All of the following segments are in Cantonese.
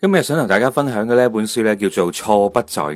今日想同大家分享嘅呢本書咧，叫做《錯不在我》。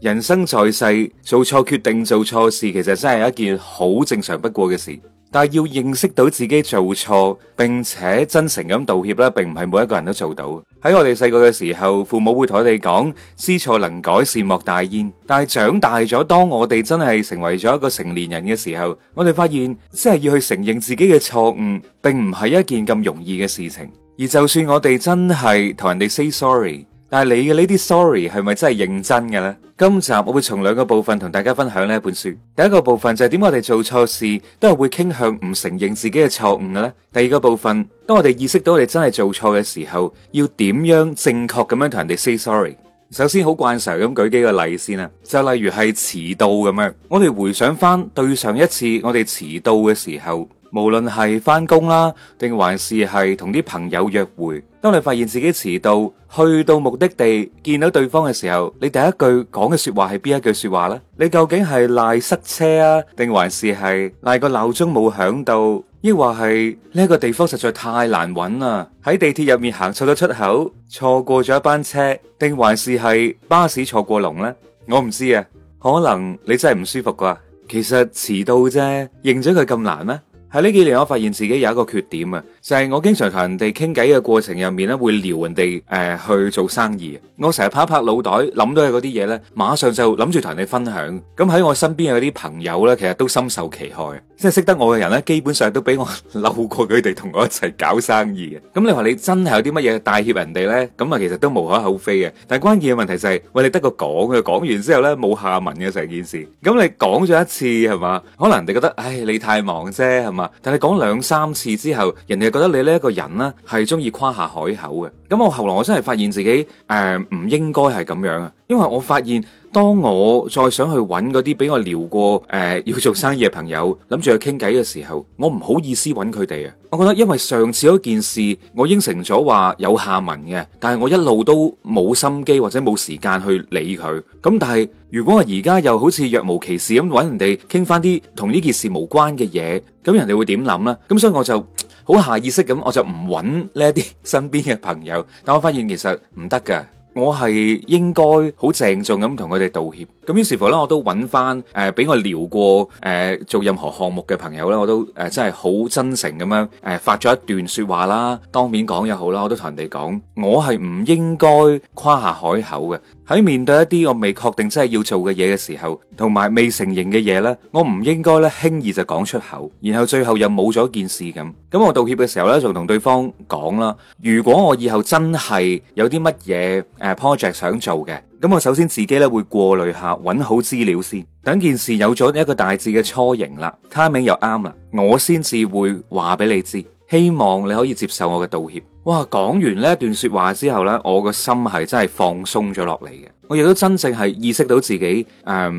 人生在世，做錯決定、做錯事，其實真係一件好正常不過嘅事。但係要認識到自己做錯，並且真誠咁道歉咧，並唔係每一個人都做到。喺我哋細個嘅時候，父母會同我哋講“知錯能改，善莫大焉”。但係長大咗，當我哋真係成為咗一個成年人嘅時候，我哋發現，即係要去承認自己嘅錯誤，並唔係一件咁容易嘅事情。而就算我哋真係同人哋 say sorry，但係你嘅呢啲 sorry 係咪真係認真嘅呢？今集我會從兩個部分同大家分享呢一本書。第一個部分就係點我哋做錯事都係會傾向唔承認自己嘅錯誤嘅咧。第二個部分，當我哋意識到你真係做錯嘅時候，要點樣正確咁樣同人哋 say sorry？首先好慣常咁舉幾個例先啦、啊，就例如係遲到咁樣，我哋回想翻對上一次我哋遲到嘅時候。無論係翻工啦，定還是係同啲朋友約會，當你發現自己遲到，去到目的地見到對方嘅時候，你第一句講嘅說話係邊一句說話呢？你究竟係賴塞車啊，定還是係賴個鬧鐘冇響到，抑或係呢個地方實在太難搵啦，啊？喺地鐵入面行錯咗出口，錯過咗一班車，定還是係巴士錯過龍呢？我唔知啊，可能你真係唔舒服啩？其實遲到啫，認咗佢咁難咩？喺呢幾年，我發現自己有一個缺點啊。就係我經常同人哋傾偈嘅過程入面咧，會撩人哋誒、呃、去做生意。我成日拍拍腦袋諗到嘅嗰啲嘢咧，馬上就諗住同人哋分享。咁喺我身邊有啲朋友咧，其實都深受其害。即係識得我嘅人咧，基本上都俾我嬲過佢哋同我一齊搞生意。咁你話你真係有啲乜嘢帶挈人哋咧？咁啊，其實都無可厚非嘅。但係關鍵嘅問題就係、是，喂，你得個講嘅，講完之後咧冇下文嘅成件事。咁你講咗一次係嘛？可能你覺得，唉，你太忙啫係嘛？但係講兩三次之後，人哋。覺得你呢一個人呢，係中意誇下海口嘅。咁我後來我真係發現自己誒唔、呃、應該係咁樣啊。因為我發現當我再想去揾嗰啲俾我聊過誒、呃、要做生意嘅朋友，諗住去傾偈嘅時候，我唔好意思揾佢哋啊。我覺得因為上次嗰件事，我應承咗話有下文嘅，但係我一路都冇心機或者冇時間去理佢。咁但係如果我而家又好似若無其事咁揾人哋傾翻啲同呢件事無關嘅嘢，咁人哋會點諗呢？咁所以我就。好下意識咁，我就唔揾呢啲身邊嘅朋友，但我發現其實唔得噶，我係應該好鄭重咁同佢哋道歉。咁於是乎咧，我都揾翻誒俾我聊過誒、呃、做任何項目嘅朋友啦。我都誒、呃、真係好真誠咁樣誒發咗一段説話啦，當面講又好啦，我都同人哋講，我係唔應該誇下海口嘅。喺面對一啲我未確定真係要做嘅嘢嘅時候，同埋未成型嘅嘢呢，我唔應該咧輕易就講出口，然後最後又冇咗件事咁。咁我道歉嘅時候呢，就同對方講啦，如果我以後真係有啲乜嘢誒 project 想做嘅。咁我首先自己咧會過濾下，揾好資料先，等件事有咗一個大致嘅雛形啦，timing 又啱啦，我先至會話俾你知，希望你可以接受我嘅道歉。哇，講完呢一段說話之後呢，我個心係真係放鬆咗落嚟嘅。我亦都真正係意識到自己，誒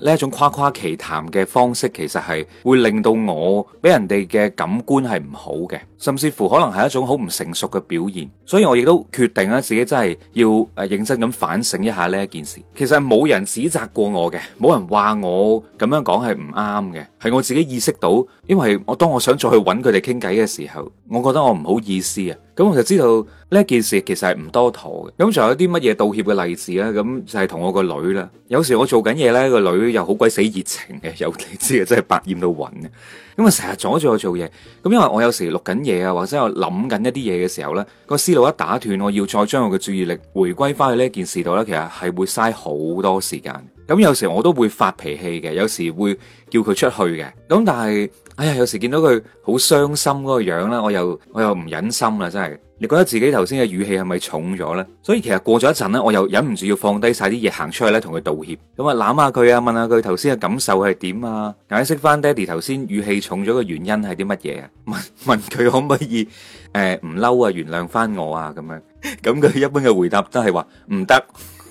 呢一種誇誇其談嘅方式，其實係會令到我俾人哋嘅感官係唔好嘅，甚至乎可能係一種好唔成熟嘅表現。所以，我亦都決定咧，自己真係要誒認真咁反省一下呢一件事。其實冇人指責過我嘅，冇人話我咁樣講係唔啱嘅，係我自己意識到，因為我當我想再去揾佢哋傾偈嘅時候，我覺得我唔好意思啊，咁我就知道。呢件事其實係唔多妥嘅，咁仲有啲乜嘢道歉嘅例子呢？咁就係同我個女啦。有時我做緊嘢呢，個女又好鬼死熱情嘅，有你知嘅真係百厭到暈嘅。咁啊成日阻住我做嘢。咁因為我有時錄緊嘢啊，或者我諗緊一啲嘢嘅時候呢，個思路一打斷，我要再將我嘅注意力回歸翻去呢件事度呢，其實係會嘥好多時間。咁有時我都會發脾氣嘅，有時會叫佢出去嘅。咁但係，哎呀，有時見到佢好傷心嗰個樣呢，我又我又唔忍心啦，真係。你覺得自己頭先嘅語氣係咪重咗呢？所以其實過咗一陣呢，我又忍唔住要放低晒啲嘢，行出去呢，同佢道歉。咁啊攬下佢啊，問下佢頭先嘅感受係點啊，解釋翻爹哋頭先語氣重咗嘅原因係啲乜嘢啊？問問佢可唔可以誒，唔嬲啊，原諒翻我啊？咁樣，咁佢一般嘅回答都係話唔得。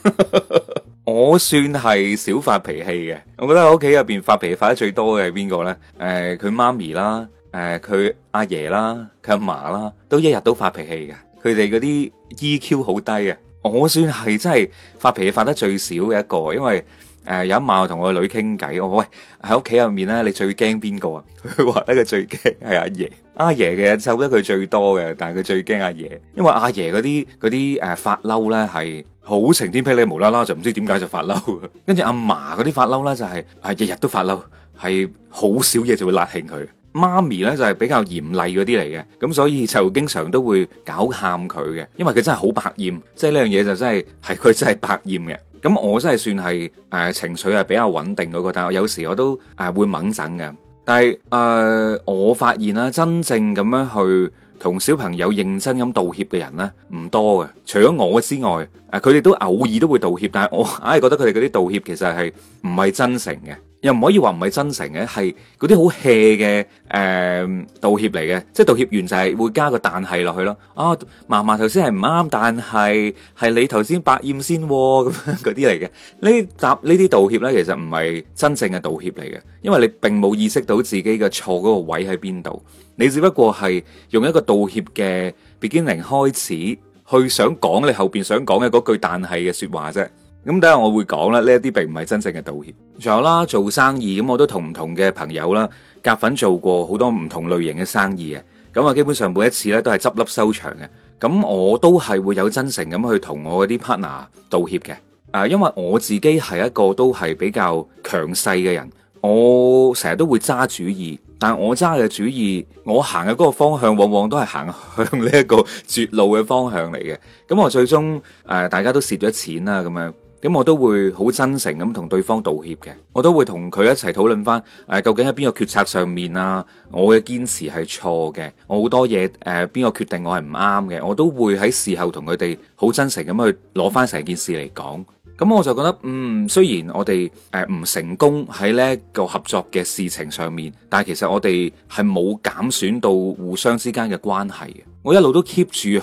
我算係少發脾氣嘅，我覺得喺屋企入邊發脾氣發得最多嘅係邊個呢？誒、呃，佢媽咪啦，誒、呃，佢阿爺啦，佢阿嫲啦，都一日都發脾氣嘅。佢哋嗰啲 EQ 好低啊！我算係真係發脾氣發得最少嘅一個，因為誒、呃、有一晚我同我女傾偈，我話，喂，喺屋企入面呢，你最驚邊個啊？佢話得佢最驚係阿爺，阿爺嘅湊得佢最多嘅，但係佢最驚阿爺，因為阿爺嗰啲嗰啲誒發嬲呢係。好晴天霹靂，無啦啦就唔知點解就發嬲。跟住阿嫲嗰啲發嬲呢，就係，就係係日日都發嬲，係好少嘢就會辣興佢。媽咪呢，就係比較嚴厲嗰啲嚟嘅，咁所以就經常都會搞喊佢嘅，因為佢真係好百厭，即係呢樣嘢就真係係佢真係百厭嘅。咁我真係算係誒、呃、情緒係比較穩定嗰個，呃，但係我有時我都誒會敏感嘅。但係誒我發現啦，真正咁樣去同小朋友認真咁道歉嘅人呢，唔多嘅。除咗我之外，啊，佢哋都偶爾都會道歉，但係我硬係覺得佢哋嗰啲道歉其實係唔係真誠嘅。又唔可以話唔係真誠嘅，係嗰啲好 hea 嘅誒道歉嚟嘅，即係道歉完就係會加個但係落去咯。啊、哦，嫲嫲頭先係唔啱，但係係你頭先百厭先咁樣嗰啲嚟嘅。呢答呢啲道歉呢，其實唔係真正嘅道歉嚟嘅，因為你並冇意識到自己嘅錯嗰個位喺邊度，你只不過係用一個道歉嘅 beginning 開始去想講你後邊想講嘅嗰句但係嘅說話啫。咁等下我會講啦，呢一啲並唔係真正嘅道歉。仲有啦，做生意咁，我都同唔同嘅朋友啦，夾份做過好多唔同類型嘅生意嘅。咁啊，基本上每一次呢都係執笠收場嘅。咁我都係會有真誠咁去同我啲 partner 道歉嘅。啊，因為我自己係一個都係比較強勢嘅人，我成日都會揸主意，但係我揸嘅主意，我行嘅嗰個方向往往都係行向呢一個絕路嘅方向嚟嘅。咁我最終誒、呃，大家都蝕咗錢啦，咁樣。咁我都會好真誠咁同對方道歉嘅，我都會同佢一齊討論翻，誒、啊、究竟喺邊個決策上面啊，我嘅堅持係錯嘅，我好多嘢誒邊個決定我係唔啱嘅，我都會喺事後同佢哋好真誠咁去攞翻成件事嚟講。咁我就覺得，嗯，雖然我哋誒唔成功喺呢個合作嘅事情上面，但係其實我哋係冇減損到互相之間嘅關係嘅。我一路都 keep 住去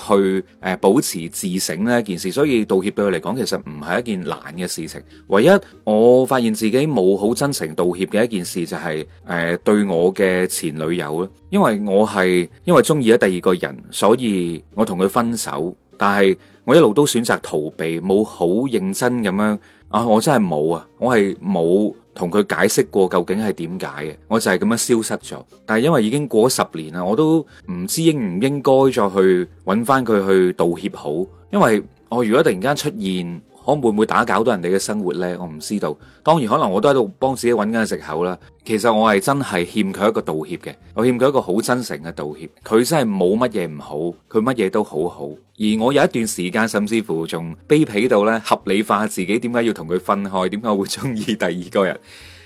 誒，保持自省呢件事，所以道歉對佢嚟講其實唔係一件難嘅事情。唯一我發現自己冇好真誠道歉嘅一件事就係誒，對我嘅前女友啦，因為我係因為中意咗第二個人，所以我同佢分手。但係我一路都選擇逃避，冇好認真咁樣啊。我真係冇啊，我係冇。同佢解釋過究竟係點解嘅，我就係咁樣消失咗。但係因為已經過咗十年啦，我都唔知應唔應該再去揾翻佢去道歉好，因為我如果突然間出現，我會唔會打攪到人哋嘅生活呢？我唔知道。當然可能我都喺度幫自己揾緊借口啦。其實我係真係欠佢一個道歉嘅，我欠佢一個好真誠嘅道歉。佢真係冇乜嘢唔好，佢乜嘢都好好。而我有一段時間甚至乎仲卑鄙到咧，合理化自己點解要同佢分開，點解會中意第二個人。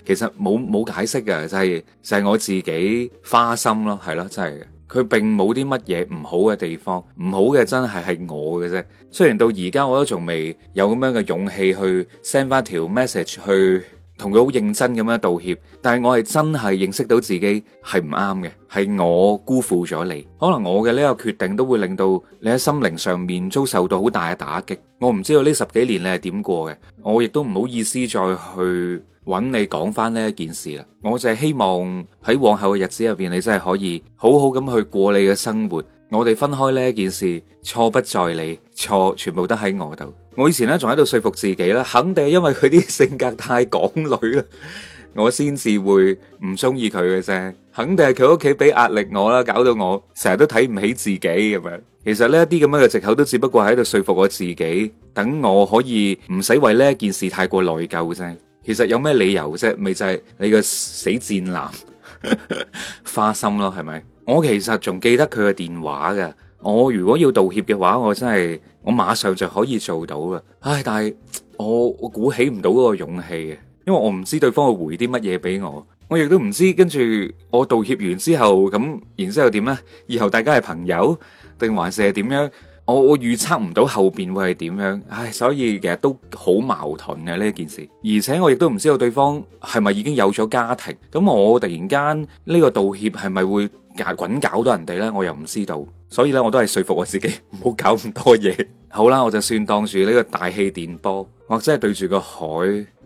其實冇冇解釋嘅，就係就係我自己花心咯，係咯，真係。佢並冇啲乜嘢唔好嘅地方，唔好嘅真係係我嘅啫。雖然到而家我都仲未有咁樣嘅勇氣去 send 翻條 message 去，同佢好認真咁樣道歉，但係我係真係認識到自己係唔啱嘅，係我辜負咗你。可能我嘅呢個決定都會令到你喺心靈上面遭受到好大嘅打擊。我唔知道呢十幾年你係點過嘅，我亦都唔好意思再去揾你講翻呢一件事啦。我就係希望喺往後嘅日子入邊，你真係可以好好咁去過你嘅生活。我哋分開呢件事，錯不在你，錯全部都喺我度。我以前呢，仲喺度說服自己啦，肯定係因為佢啲性格太港女啦，我先至會唔中意佢嘅啫。肯定係佢屋企俾壓力我啦，搞到我成日都睇唔起自己咁樣。其實呢啲咁樣嘅借口都只不過喺度說服我自己，等我可以唔使為呢件事太過內疚啫。其實有咩理由啫？咪就係你個死賤男， 花心咯，係咪？我其實仲記得佢嘅電話嘅，我如果要道歉嘅話，我真係我馬上就可以做到啦。唉，但係我，我鼓起唔到嗰個勇氣嘅，因為我唔知對方會回啲乜嘢俾我，我亦都唔知跟住我道歉完之後咁，然之後點呢？以後大家係朋友定還是係點樣？我我預測唔到後邊會係點樣，唉，所以其實都好矛盾嘅，呢件事。而且我亦都唔知道對方係咪已經有咗家庭，咁我突然間呢個道歉係咪會搞滾到人哋咧？我又唔知道，所以咧我都係說服我自己，唔 好搞咁多嘢。 好啦，我就算當住呢個大氣電波，或者係對住個海，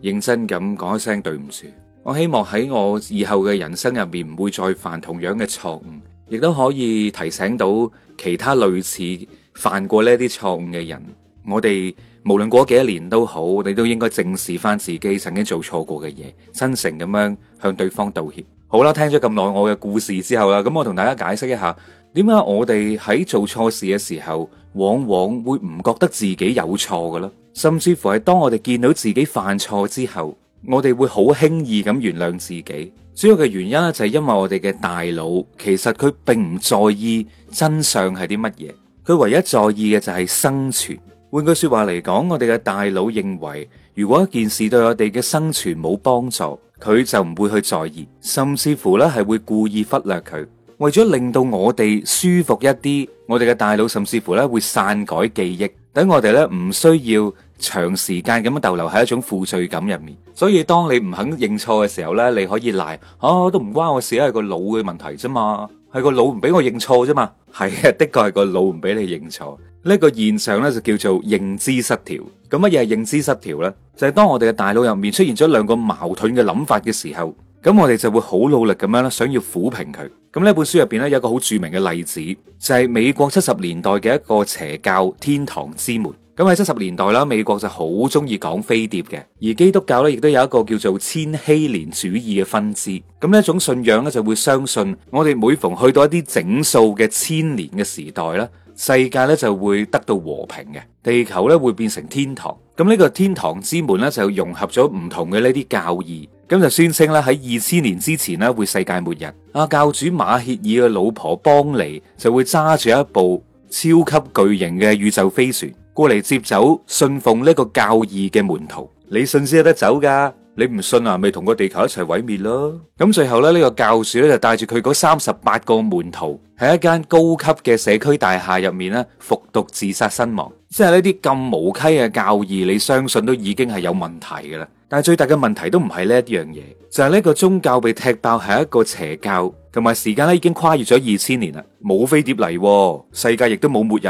認真咁講一聲對唔住。我希望喺我以後嘅人生入面唔會再犯同樣嘅錯誤，亦都可以提醒到其他類似。犯過呢啲錯誤嘅人，我哋無論過幾多年都好，你都應該正視翻自己曾經做錯過嘅嘢，真誠咁樣向對方道歉。好啦，聽咗咁耐我嘅故事之後啦，咁我同大家解釋一下，點解我哋喺做錯事嘅時候，往往會唔覺得自己有錯噶啦，甚至乎係當我哋見到自己犯錯之後，我哋會好輕易咁原諒自己。主要嘅原因咧，就係因為我哋嘅大腦其實佢並唔在意真相係啲乜嘢。佢唯一在意嘅就係生存。換句說話嚟講，我哋嘅大腦認為，如果一件事對我哋嘅生存冇幫助，佢就唔會去在意，甚至乎咧係會故意忽略佢，為咗令到我哋舒服一啲。我哋嘅大腦甚至乎咧會篡改記憶，等我哋咧唔需要長時間咁樣逗留喺一種負罪感入面。所以當你唔肯認錯嘅時候咧，你可以賴啊，都唔關我事，係個腦嘅問題啫嘛。係個腦唔俾我認錯啫嘛，係，的確係個腦唔俾你認錯。呢個現象咧就叫做認知失調。咁乜嘢係認知失調咧？就係當我哋嘅大腦入面出現咗兩個矛盾嘅諗法嘅時候，咁我哋就會好努力咁樣咧，想要撫平佢。咁呢本書入邊咧有一個好著名嘅例子，就係美國七十年代嘅一個邪教天堂之門。咁喺七十年代啦，美國就好中意講飛碟嘅。而基督教咧，亦都有一個叫做千禧年主義嘅分支。咁呢一種信仰咧，就會相信我哋每逢去到一啲整數嘅千年嘅時代咧，世界咧就會得到和平嘅，地球咧會變成天堂。咁呢個天堂之門咧，就融合咗唔同嘅呢啲教義，咁就宣稱咧喺二千年之前呢，會世界末日。阿教主馬歇爾嘅老婆邦尼就會揸住一部超級巨型嘅宇宙飛船。過嚟接走信奉呢個教義嘅門徒，你信先有得走噶，你唔信啊，咪同個地球一齊毀滅咯。咁最後咧，呢個教主咧就帶住佢嗰三十八個門徒喺一間高級嘅社區大廈入面咧，服毒自殺身亡。即係呢啲咁無稽嘅教義，你相信都已經係有問題嘅啦。但係最大嘅問題都唔係呢一樣嘢。就係呢個宗教被踢爆係一個邪教，同埋時間咧已經跨越咗二千年啦，冇飛碟嚟，世界亦都冇末日。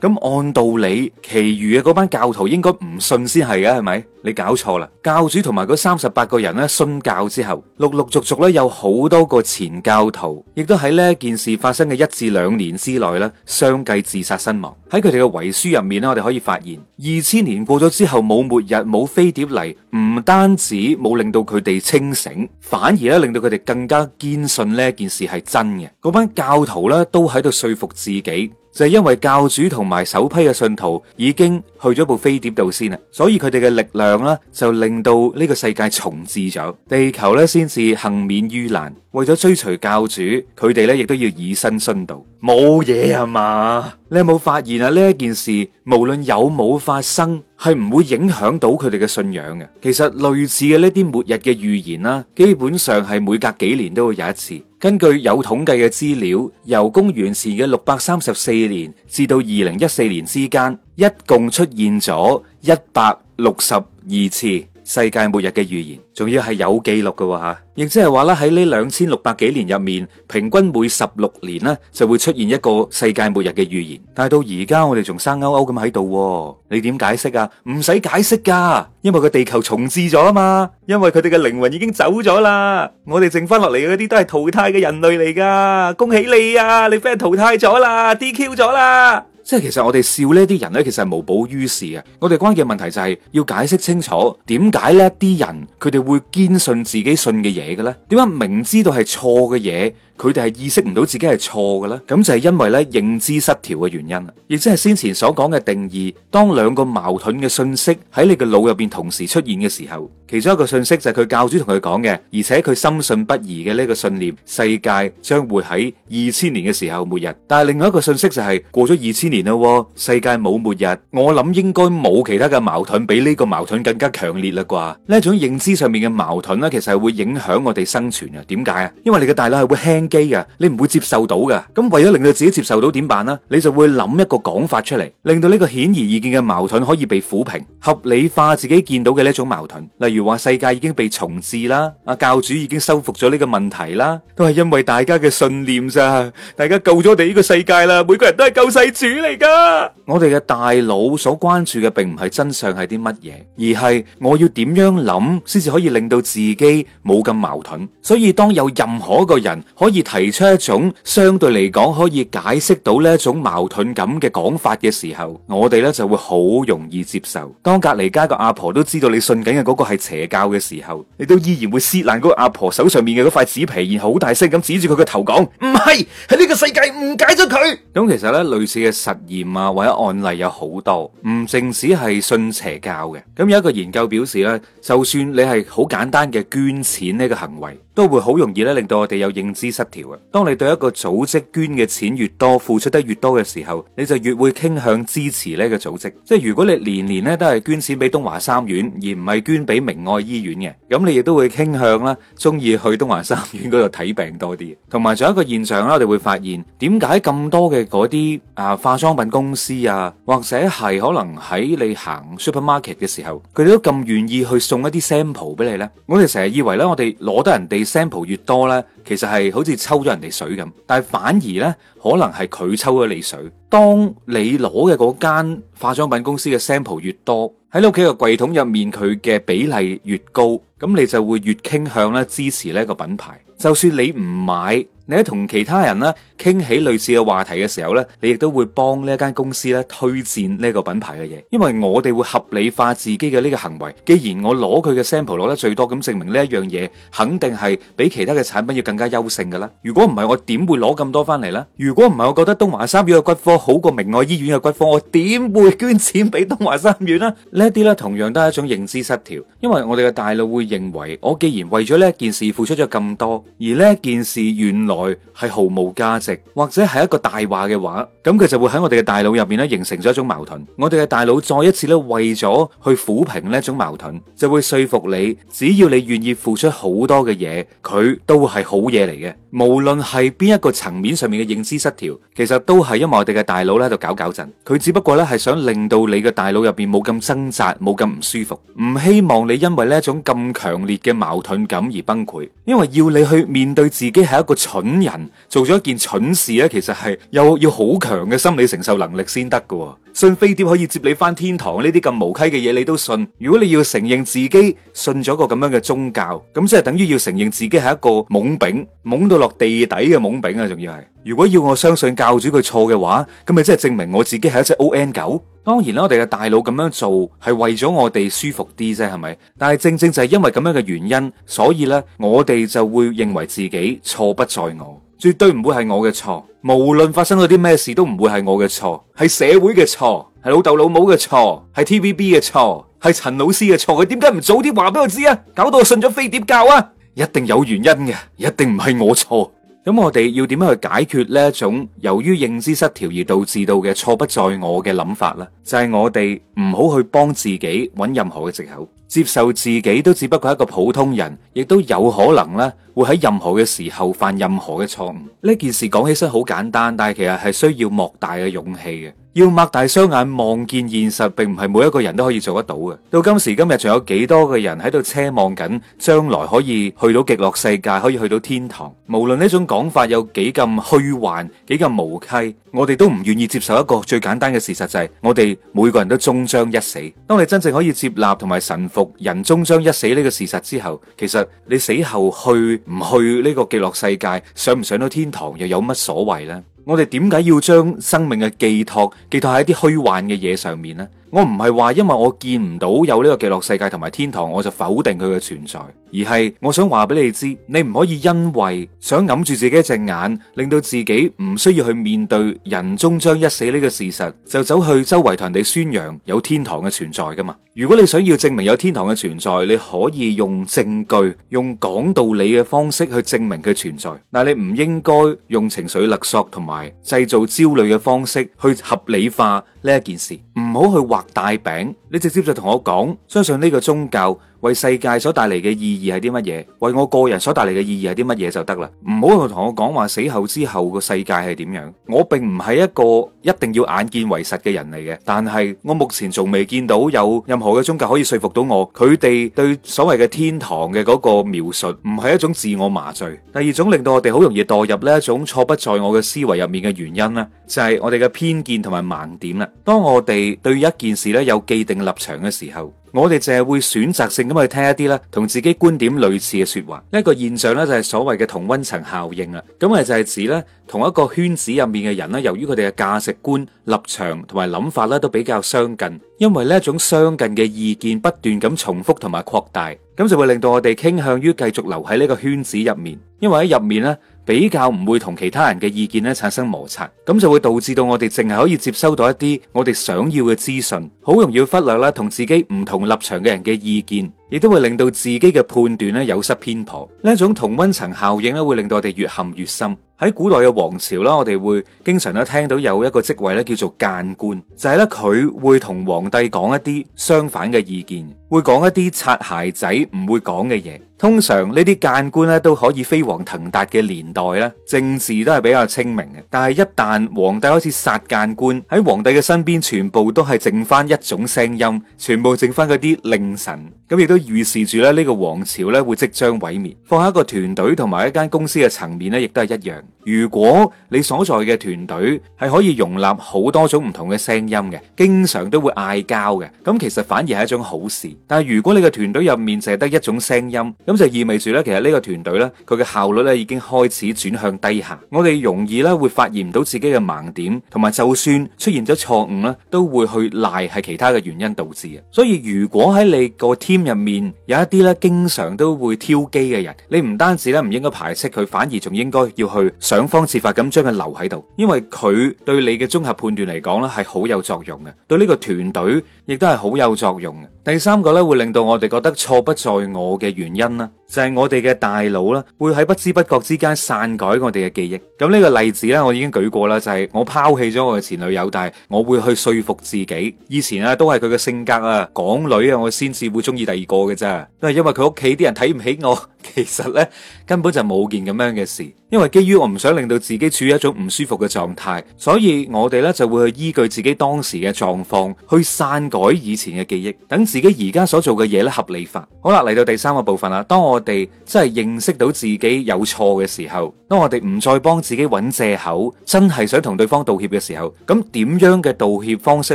咁按道理，其餘嘅嗰班教徒應該唔信先係嘅，係咪？你搞錯啦，教主同埋嗰三十八個人咧信教之後，陸陸續續咧有好多個前教徒，亦都喺呢件事發生嘅一至兩年之內咧相繼自殺身亡。喺佢哋嘅遺書入面咧，我哋可以發現，二千年過咗之後冇末日，冇飛碟嚟，唔單止冇令到佢哋清。醒，反而咧令到佢哋更加堅信呢一件事係真嘅。嗰班教徒咧都喺度說服自己。就係因為教主同埋首批嘅信徒已經去咗部飛碟度先啊，所以佢哋嘅力量咧就令到呢個世界重置咗，地球咧先至幸免於難。為咗追隨教主，佢哋咧亦都要以身殉道。冇嘢啊嘛，你有冇發現啊？呢一件事無論有冇發生，係唔會影響到佢哋嘅信仰嘅。其實類似嘅呢啲末日嘅預言啦，基本上係每隔幾年都會有一次。根據有統計嘅資料，由公元前嘅六百三十四年至到二零一四年之間，一共出現咗一百六十二次。世界末日嘅預言，仲要係有記錄嘅吓，亦即係話啦，喺呢兩千六百幾年入面，平均每十六年呢就會出現一個世界末日嘅預言。但係到而家我哋仲生勾勾咁喺度，你點解釋啊？唔使解釋噶，因為個地球重置咗啊嘛，因為佢哋嘅靈魂已經走咗啦，我哋剩翻落嚟嗰啲都係淘汰嘅人類嚟噶，恭喜你啊，你俾人淘汰咗啦，DQ 咗啦。即係其實我哋笑呢啲人呢，其實係無補於事嘅。我哋關鍵問題就係要解釋清楚點解呢啲人佢哋會堅信自己信嘅嘢嘅呢？點解明知道係錯嘅嘢，佢哋係意識唔到自己係錯嘅呢？咁就係因為呢認知失調嘅原因。亦即係先前所講嘅定義，當兩個矛盾嘅信息喺你嘅腦入邊同時出現嘅時候，其中一個信息就係佢教主同佢講嘅，而且佢深信不疑嘅呢個信念，世界將會喺二千年嘅時候末日。但係另外一個信息就係過咗二千年。咯，世界冇末日，我諗應該冇其他嘅矛盾比呢個矛盾更加強烈啦啩？呢一種認知上面嘅矛盾咧，其實係會影響我哋生存呀。點解啊？因為你嘅大腦係會輕機嘅，你唔會接受到嘅。咁為咗令到自己接受到，點辦呢？你就會諗一個講法出嚟，令到呢個顯而易見嘅矛盾可以被撫平，合理化自己見到嘅呢一種矛盾。例如話世界已經被重置啦，阿教主已經修復咗呢個問題啦，都係因為大家嘅信念咋？大家救咗我哋呢個世界啦，每個人都係救世主嚟嚟噶！我哋嘅大腦所關注嘅並唔係真相係啲乜嘢，而係我要點樣諗先至可以令到自己冇咁矛盾。所以當有任何一個人可以提出一種相對嚟講可以解釋到呢一種矛盾感嘅講法嘅時候，我哋呢就會好容易接受。當隔籬街個阿婆都知道你信緊嘅嗰個係邪教嘅時候，你都依然會撕爛嗰個阿婆手上面嘅嗰塊紙皮，然後好大聲咁指住佢個頭講：唔係，喺呢個世界誤解咗佢。咁其實呢類似嘅。實驗啊或者案例有好多，唔淨止係信邪教嘅。咁有一個研究表示咧，就算你係好簡單嘅捐錢呢個行為，都會好容易咧令到我哋有認知失調啊。當你對一個組織捐嘅錢越多，付出得越多嘅時候，你就越會傾向支持呢個組織。即係如果你年年咧都係捐錢俾東華三院，而唔係捐俾明愛醫院嘅，咁你亦都會傾向啦，中意去東華三院嗰度睇病多啲。同埋仲有一個現象啦，我哋會發現，點解咁多嘅嗰啲啊花。化妝品公司啊，或者係可能喺你行 supermarket 嘅時候，佢哋都咁願意去送一啲 sample 俾你呢，我哋成日以為呢，我哋攞得人哋 sample 越多呢，其實係好似抽咗人哋水咁。但係反而呢，可能係佢抽咗你水。當你攞嘅嗰間化妝品公司嘅 sample 越多，喺你屋企嘅櫃桶入面，佢嘅比例越高，咁你就會越傾向咧支持呢個品牌。就算你唔買。你喺同其他人咧傾起類似嘅話題嘅時候呢，你亦都會幫呢一間公司咧推薦呢個品牌嘅嘢，因為我哋會合理化自己嘅呢個行為。既然我攞佢嘅 sample 攞得最多，咁證明呢一樣嘢肯定係比其他嘅產品要更加優勝㗎啦。如果唔係，我點會攞咁多翻嚟呢？如果唔係，我覺得東華三院嘅骨科好過明愛醫院嘅骨科，我點會捐錢俾東華三院呢？呢啲咧，同樣都係一種認知失調，因為我哋嘅大腦會認為我既然為咗呢件事付出咗咁多，而呢件事原來，係毫無價值，或者係一個大話嘅話，咁佢就會喺我哋嘅大腦入面咧形成咗一種矛盾。我哋嘅大腦再一次咧為咗去撫平呢種矛盾，就會說服你，只要你願意付出好多嘅嘢，佢都係好嘢嚟嘅。無論係邊一個層面上面嘅認知失調，其實都係因為我哋嘅大腦咧喺度搞搞震，佢只不過咧係想令到你嘅大腦入邊冇咁掙扎，冇咁唔舒服，唔希望你因為呢一種咁強烈嘅矛盾感而崩潰，因為要你去面對自己係一個蠢人，做咗一件蠢事啊，其實係有要好強嘅心理承受能力先得噶。信飛碟可以接你翻天堂呢啲咁無稽嘅嘢，你都信？如果你要承認自己信咗個咁樣嘅宗教，咁即係等於要承認自己係一個懵丙，懵到落地底嘅懵丙啊，仲要係如果要我相信教主佢錯嘅話，咁咪即係證明我自己係一隻 O N 狗。當然啦，我哋嘅大佬咁樣做係為咗我哋舒服啲啫，係咪？但係正正就係因為咁樣嘅原因，所以咧我哋就會認為自己錯不在我，絕對唔會係我嘅錯。無論發生咗啲咩事，都唔會係我嘅錯，係社會嘅錯，係老豆老母嘅錯，係 T V B 嘅錯，係陳老師嘅錯。佢點解唔早啲話俾我知啊？搞到我信咗飛碟教啊！一定有原因嘅，一定唔係我錯。咁我哋要點樣去解決呢一種由於認知失調而導致到嘅錯不在我嘅諗法咧？就係我哋唔好去幫自己揾任何嘅藉口，接受自己都只不過係一個普通人，亦都有可能咧會喺任何嘅時候犯任何嘅錯誤。呢件事講起身好簡單，但係其實係需要莫大嘅勇氣嘅。要擘大雙眼望見現實，並唔係每一個人都可以做得到嘅。到今時今日，仲有幾多個人喺度奢望緊將來可以去到極樂世界，可以去到天堂？無論呢種講法有幾咁虛幻，幾咁無稽。我哋都唔願意接受一個最簡單嘅事實，就係、是、我哋每個人都終將一死。當你真正可以接納同埋臣服人終將一死呢個事實之後，其實你死後去唔去呢個極樂世界，上唔上到天堂，又有乜所謂呢？我哋點解要將生命嘅寄託寄託喺啲虛幻嘅嘢上面呢？我唔係話因為我見唔到有呢個極樂世界同埋天堂，我就否定佢嘅存在，而係我想話俾你知，你唔可以因為想揞住自己一隻眼，令到自己唔需要去面對人終將一死呢個事實，就走去周圍同人哋宣揚有天堂嘅存在噶嘛。如果你想要證明有天堂嘅存在，你可以用證據、用講道理嘅方式去證明佢存在。但係你唔應該用情緒勒索同埋製造焦慮嘅方式去合理化呢一件事，唔好去話。大餅，你直接就同我講，相信呢個宗教。為世界所帶嚟嘅意義係啲乜嘢？為我個人所帶嚟嘅意義係啲乜嘢就得啦。唔好同我講話死後之後個世界係點樣。我並唔係一個一定要眼見為實嘅人嚟嘅。但係我目前仲未見到有任何嘅宗教可以說服到我，佢哋對所謂嘅天堂嘅嗰個描述，唔係一種自我麻醉。第二種令到我哋好容易墮入呢一種錯不在我嘅思維入面嘅原因呢，就係我哋嘅偏見同埋盲點啦。當我哋對一件事呢有既定立場嘅時候。我哋淨係會選擇性咁去聽一啲咧，同自己觀點類似嘅說話。呢個現象咧，就係所謂嘅同溫層效應啦。咁啊就係指咧，同一個圈子入面嘅人咧，由於佢哋嘅價值觀、立場同埋諗法咧都比較相近，因為呢一種相近嘅意見不斷咁重複同埋擴大，咁就會令到我哋傾向於繼續留喺呢個圈子入面，因為喺入面咧。比較唔會同其他人嘅意見咧產生摩擦，咁就會導致到我哋淨係可以接收到一啲我哋想要嘅資訊，好容易忽略啦同自己唔同立場嘅人嘅意見，亦都會令到自己嘅判斷咧有失偏頗，呢一種同溫層效應咧會令到我哋越陷越深。喺古代嘅王朝啦，我哋會經常都聽到有一個職位咧叫做諫官，就係咧佢會同皇帝講一啲相反嘅意見，會講一啲擦鞋仔唔會講嘅嘢。通常呢啲諫官咧都可以飛黃騰達嘅年代咧，政治都係比較清明嘅。但係一旦皇帝開始殺諫官，喺皇帝嘅身邊全部都係剩翻一種聲音，全部剩翻嗰啲佞臣，咁亦都預示住咧呢個王朝咧會即將毀滅。放喺一個團隊同埋一間公司嘅層面咧，亦都係一樣。如果你所在嘅團隊係可以容納好多種唔同嘅聲音嘅，經常都會嗌交嘅，咁其實反而係一種好事。但係如果你嘅團隊入面淨係得一種聲音，咁就意味住咧，其實呢個團隊咧，佢嘅效率咧已經開始轉向低下。我哋容易咧會發現唔到自己嘅盲點，同埋就算出現咗錯誤咧，都會去賴係其他嘅原因導致嘅。所以如果喺你個 team 入面有一啲咧經常都會挑機嘅人，你唔單止咧唔應該排斥佢，反而仲應該要去。想方設法咁將佢留喺度，因為佢對你嘅綜合判斷嚟講咧係好有作用嘅，對呢個團隊亦都係好有作用嘅。第三個咧會令到我哋覺得錯不在我嘅原因咧，就係我哋嘅大腦啦，會喺不知不覺之間篡改我哋嘅記憶。咁呢個例子呢，我已經舉過啦，就係我拋棄咗我嘅前女友，但係我會去說服自己，以前咧都係佢嘅性格啊、港女啊，我先至會中意第二個嘅啫，都係因為佢屋企啲人睇唔起我。其實咧根本就冇件咁樣嘅事，因為基於我唔想令到自己處於一種唔舒服嘅狀態，所以我哋咧就會去依據自己當時嘅狀況去篡改以前嘅記憶，等自己而家所做嘅嘢咧合理化。好啦，嚟到第三個部分啦，當我哋真係認識到自己有錯嘅時候，當我哋唔再幫自己揾借口，真係想同對方道歉嘅時候，咁點樣嘅道歉方式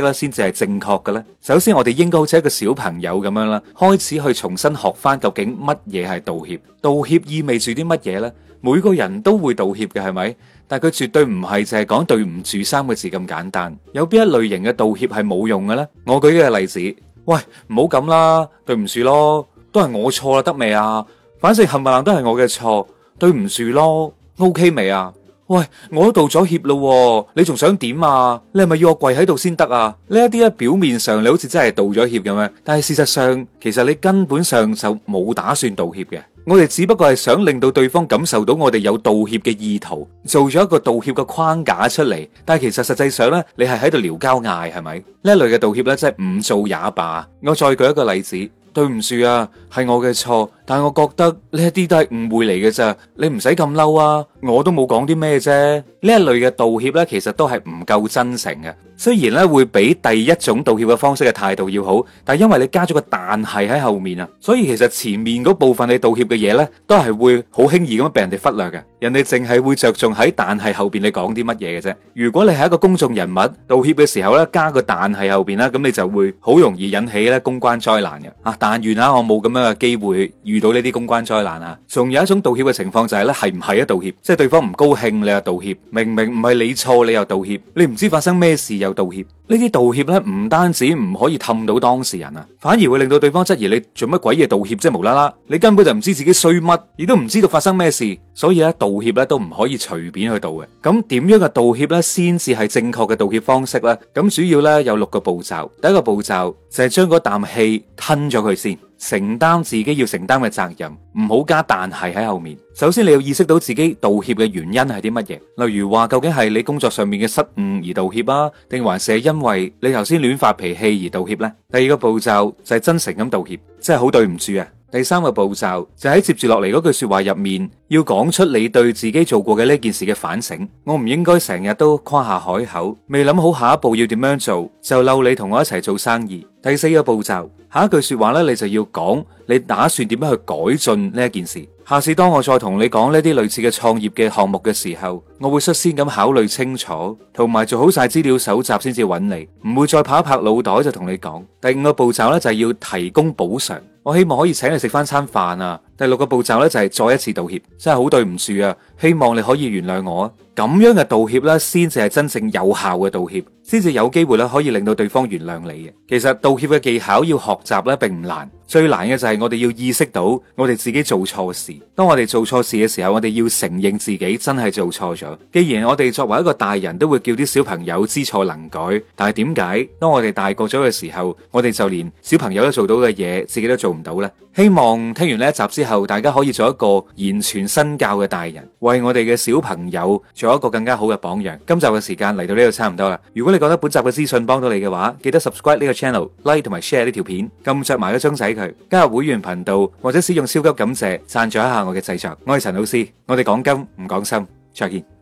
咧先至係正確嘅呢？首先，我哋應該好似一個小朋友咁樣啦，開始去重新學翻究竟乜嘢係道歉。道歉意味住啲乜嘢呢？每個人都會道歉嘅，係咪？但佢絕對唔係淨係講對唔住三個字咁簡單。有邊一類型嘅道歉係冇用嘅呢？我舉個例子，喂，唔好咁啦，對唔住咯，都係我錯啦，得未啊？反正冚唪唥都係我嘅錯，對唔住咯，OK 未啊？喂，我都道咗歉啦，你仲想點啊？你係咪要我跪喺度先得啊？呢一啲咧，表面上你好似真係道咗歉咁樣，但係事實上，其實你根本上就冇打算道歉嘅。我哋只不過係想令到對方感受到我哋有道歉嘅意圖，做咗一個道歉嘅框架出嚟，但係其實實際上呢，你係喺度撩交嗌，係咪？呢一類嘅道歉呢，真係唔做也罷。我再舉一個例子，對唔住啊。係我嘅錯，但係我覺得呢一啲都係誤會嚟嘅咋，你唔使咁嬲啊！我都冇講啲咩啫。呢一類嘅道歉咧，其實都係唔夠真誠嘅。雖然咧會比第一種道歉嘅方式嘅態度要好，但係因為你加咗個但係喺後面啊，所以其實前面嗰部分你道歉嘅嘢咧，都係會好輕易咁俾人哋忽略嘅。人哋淨係會着重喺但係後邊你講啲乜嘢嘅啫。如果你係一個公眾人物道歉嘅時候咧，加個但係後邊啦，咁你就會好容易引起咧公關災難嘅啊！但願啊，我冇咁樣機會遇到呢啲公關災難啊，仲有一種道歉嘅情況就係呢：係唔係啊道歉？即係對方唔高興你又道歉，明明唔係你錯你又道歉，你唔知發生咩事又道歉。呢啲道歉咧，唔單止唔可以氹到當事人啊，反而會令到對方質疑你做乜鬼嘢道歉，即係無啦啦，你根本就唔知自己衰乜，亦都唔知道發生咩事，所以咧道歉咧都唔可以隨便去道嘅。咁點樣嘅道歉咧，先至係正確嘅道歉方式呢？咁主要咧有六個步驟。第一個步驟就係將個啖氣吞咗佢先，承擔自己要承擔嘅責任，唔好加但係喺後面。首先你要意識到自己道歉嘅原因係啲乜嘢，例如話究竟係你工作上面嘅失誤而道歉啊，定還是因？因為你頭先亂發脾氣而道歉咧，第二個步驟就係真誠咁道歉，真係好對唔住啊！第三個步驟就喺、是、接住落嚟嗰句說話入面，要講出你對自己做過嘅呢件事嘅反省。我唔應該成日都誇下海口，未諗好下一步要點樣做就嬲你同我一齊做生意。第四個步驟，下一句說話咧，你就要講你打算點樣去改進呢一件事。下次當我再同你講呢啲類似嘅創業嘅項目嘅時候，我會率先咁考慮清楚，同埋做好晒資料搜集先至揾你，唔會再拍一拍腦袋就同你講。第五個步驟咧就係、是、要提供補償。我希望可以請你食翻餐飯啊！第六個步驟咧就係再一次道歉，真係好對唔住啊！希望你可以原諒我啊！咁樣嘅道歉咧，先至係真正有效嘅道歉，先至有機會咧可以令到對方原諒你嘅。其實道歉嘅技巧要學習咧並唔難，最難嘅就係我哋要意識到我哋自己做錯事。當我哋做錯事嘅時候，我哋要承認自己真係做錯咗。既然我哋作為一個大人都會叫啲小朋友知錯能改，但係點解當我哋大個咗嘅時候，我哋就連小朋友都做到嘅嘢，自己都做唔到呢？希望聽完呢一集之後，後大家可以做一個言傳身教嘅大人，為我哋嘅小朋友做一個更加好嘅榜樣。今集嘅時間嚟到呢度差唔多啦。如果你覺得本集嘅資訊幫到你嘅話，記得 subscribe 呢個 channel、like 同埋 share 呢條片，撳着埋個鐘仔佢加入會員頻道或者使用超級感謝贊助一下我嘅製作。我係陳老師，我哋講金唔講心，再見。